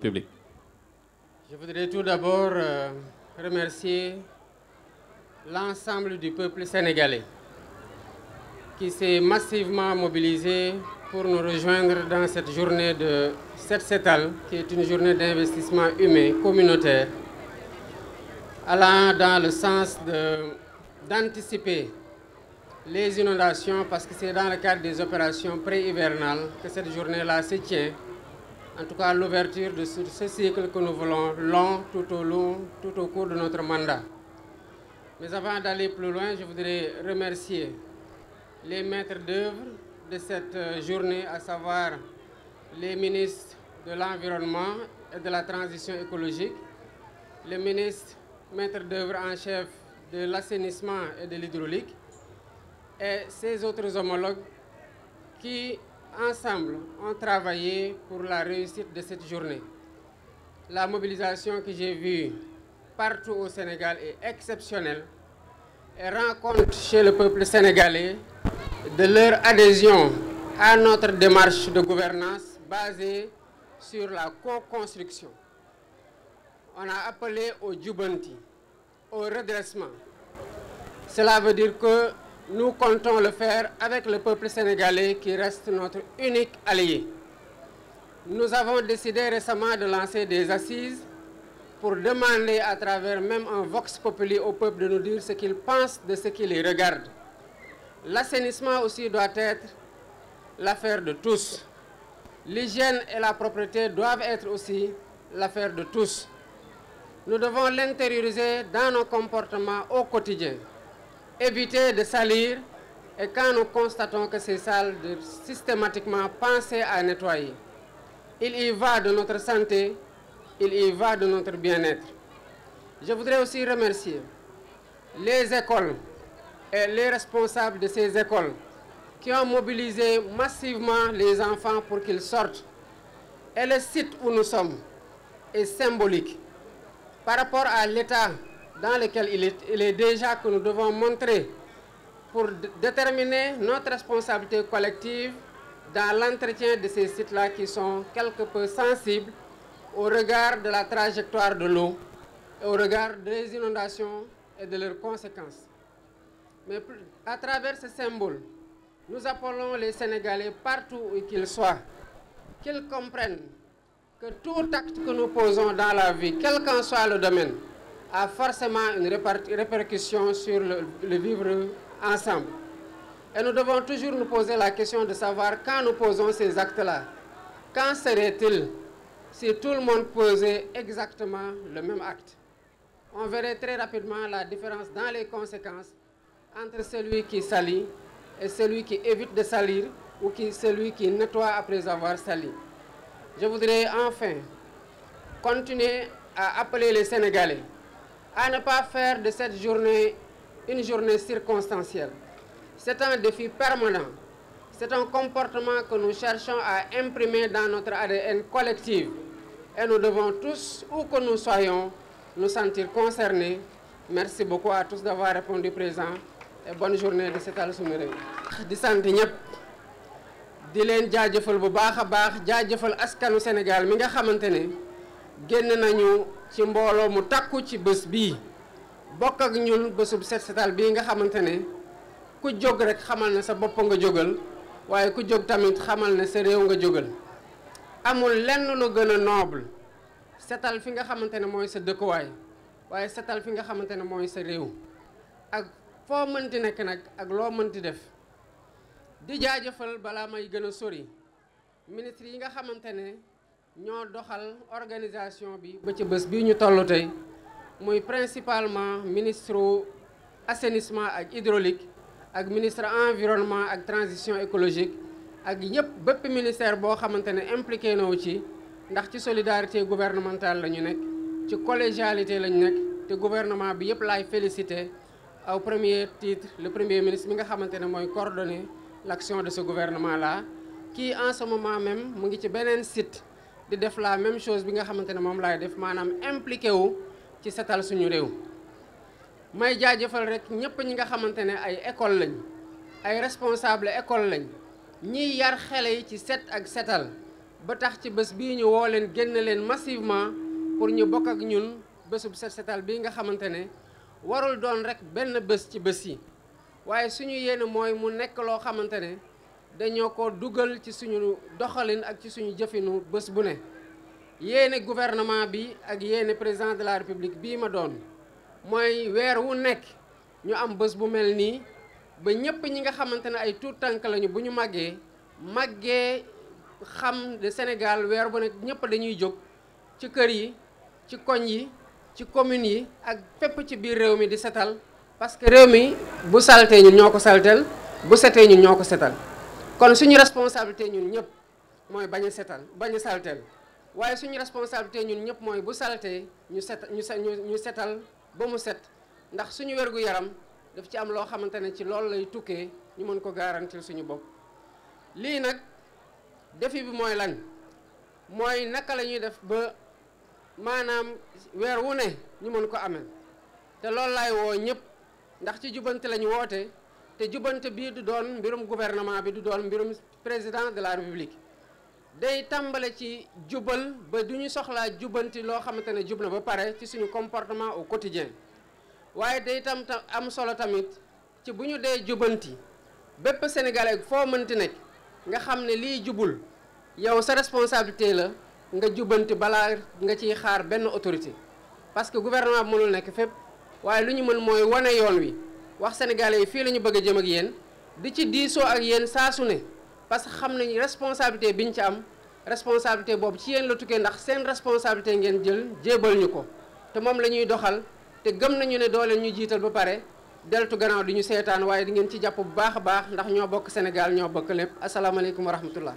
Public. Je voudrais tout d'abord euh, remercier l'ensemble du peuple sénégalais qui s'est massivement mobilisé pour nous rejoindre dans cette journée de Setsetal, qui est une journée d'investissement humain communautaire, allant dans le sens d'anticiper les inondations parce que c'est dans le cadre des opérations pré-hivernales que cette journée-là se tient. En tout cas, l'ouverture de ce cycle que nous voulons long tout au long, tout au cours de notre mandat. Mais avant d'aller plus loin, je voudrais remercier les maîtres d'œuvre de cette euh, journée, à savoir les ministres de l'Environnement et de la Transition écologique, le ministre maître d'œuvre en chef de l'assainissement et de l'hydraulique, et ses autres homologues qui, ensemble, ont travaillé pour la réussite de cette journée. La mobilisation que j'ai vue partout au Sénégal est exceptionnelle et rend compte chez le peuple sénégalais de leur adhésion à notre démarche de gouvernance basée sur la co-construction. On a appelé au jubanti, au redressement. Cela veut dire Nous comptons le faire avec le peuple sénégalais qui reste notre unique allié. Nous avons décidé récemment de lancer des assises pour demander à travers même un vox populi au peuple de nous dire ce qu'il pense de ce qui les regarde. L'assainissement aussi doit être l'affaire de tous. L'hygiène et la propreté doivent être aussi l'affaire de tous. Nous devons l'intérioriser dans nos comportements au quotidien. éviter de salir et quand nous constatons que ces salles doivent systématiquement penser à nettoyer. Il y va de notre santé, il y va de notre bien-être. Je voudrais aussi remercier les écoles et les responsables de ces écoles qui ont mobilisé massivement les enfants pour qu'ils sortent. Et le site où nous sommes est symbolique par rapport à l'état dans lesquels il est, il est déjà que nous devons montrer pour déterminer notre responsabilité collective dans l'entretien de ces sites-là qui sont quelque peu sensibles au regard de la trajectoire de l'eau et au regard des inondations et de leurs conséquences. Mais à travers ce symbole, nous appelons les Sénégalais partout où qu'ils soient, qu'ils comprennent que tout acte que nous posons dans la vie, quel qu'en soit le domaine, a forcément une répercussion sur le, le vivre ensemble. Et nous devons toujours nous poser la question de savoir quand nous posons ces actes-là, quand serait-il si tout le monde posait exactement le même acte On verrait très rapidement la différence dans les conséquences entre celui qui salit et celui qui évite de salir ou qui, celui qui nettoie après avoir sali. Je voudrais enfin continuer à appeler les Sénégalais à ne pas faire de cette journée une journée circonstancielle. C'est un défi permanent. C'est un comportement que nous cherchons à imprimer dans notre ADN collectif. Et nous devons tous, où que nous soyons, nous sentir concernés. Merci beaucoup à tous d'avoir répondu présent. Et bonne journée de cet àll suñu di sant ñëpp di leen jaajëfal bu baax a baax jaajëfal askanu Sénégal mi nga xamante ne. génn nañu ci mbooloo mu takku ci bés bi bokk ak ñun bésub set setal bii nga xamante ne ku jóg rek xamal ne sa bopp nga jógal waaye ku jóg tamit xamal ne sa réew nga jógal amul lenn lu gën a noble setal fi nga xamante ne mooy sa dëkkuwaay waaye setal fi nga xamante ne mooy sa réew ak foo mënti nekk nag ak loo mënti def di jaajëfal balaa may gën a sori ministre yi nga xamante ne ñoo doxal organisation bi ba ci bés bi ñu toll tey muy principalement ministre assainissement ak hydraulique ak ministre environnement ak transition écologique ak yëpp bépp ministère boo xamante ne na wu ci ndax ci solidarité gouvernementale la ñu nekk ci collégialité la ñu nekk te gouvernement bi yëpp laay félicité aw premier titre le premier ministre mi nga xamante ne mooy coordonner l'action de ce gouvernement la kii en ce même mu ngi ci beneen site. di def la même chose bi nga xamante ne moom lay def maanaam impliqué wu ci setal suñu réew may jaajëfal rek ñëpp ñi nga xamante ne ay école lañu ay responsable école lañ ñiy yar xele yi ci set ak setal ba tax ci bés bii ñu woo leen génn leen massivement pour ñu bokk ak ñun bésub set setal bi nga xamante ne warul doon rek benn bés ci bés yi waaye suñu yéene mooy mu nekk loo xamante ne dañoo ko dugal ci suñu doxalin ak ci suñu jëfinu bés bu ne yéene gouvernement bi ak yéene président de la république bii ma doon mooy weer wu nekk ñu am bés bu mel nii ba ñépp ñi nga xamante ne ay tuut tànk lañu bu ñu màggee màggee xam de Sénégal weer bu nekk ñépp dañuy jóg ci kër yi ci koñ yi ci communes yi ak fépp ci biir réew mi di setal parce que réew mi bu saltee ñun ñoo ko saltel bu setee ñun ñoo ko setal kon suñu responsabilité ñun ñëpp mooy bañ a setal bañ a saltel waaye suñu responsabilité ñun ñëpp mooy bu salte ñu set ñu ñu setal ba mu set ndax suñu wergu yaram daf ci am loo xamante ne ci loolu lay tukkee ñu mën ko garantir suñu bopp lii nag defi bi mooy lan mooy naka lañuy def ba maanaam weer wu ne ñu mën ko amee te loolu lay woo ñëpp ndax ci jubante lañu woote te jubante bii du doon mbirum gouvernement bi du doon mbirum président de la république day tàmbale ci jubal ba duñu ñu soxlaa jubanti loo xamante ne jub na ba pare ci suñu comportement au quotidien waaye day tam am solo tamit ci bu ñu dee jubanti bépp sénégalais foo mënti nekk nga xam ne lii jubul yow sa responsabilité la nga jubanti balaa nga ciy xaar benn autorité parce que gouvernement bi mënul nekk fépp waaye lu ñu mën mooy wane yoon wi wax sénégalais yi fii la ñu bëgg a jëm ak yéen di ci diisoo ak yenn saasu ne parce que xam nañu responsabilité bi ñu ci am responsabilité boobu ci yéen la tukkee ndax seen responsabilité ngeen jël jéebal ñu ko te moom la ñuy doxal te gëm nañu ne doo leen ñu jiital ba pare deltu gannaaw di ñu seetaan waaye di ci jàpp bu baax a baax ndax ñoo bokk Sénégal ñoo bokk lépp asalaamaaleykum wa rahmatullah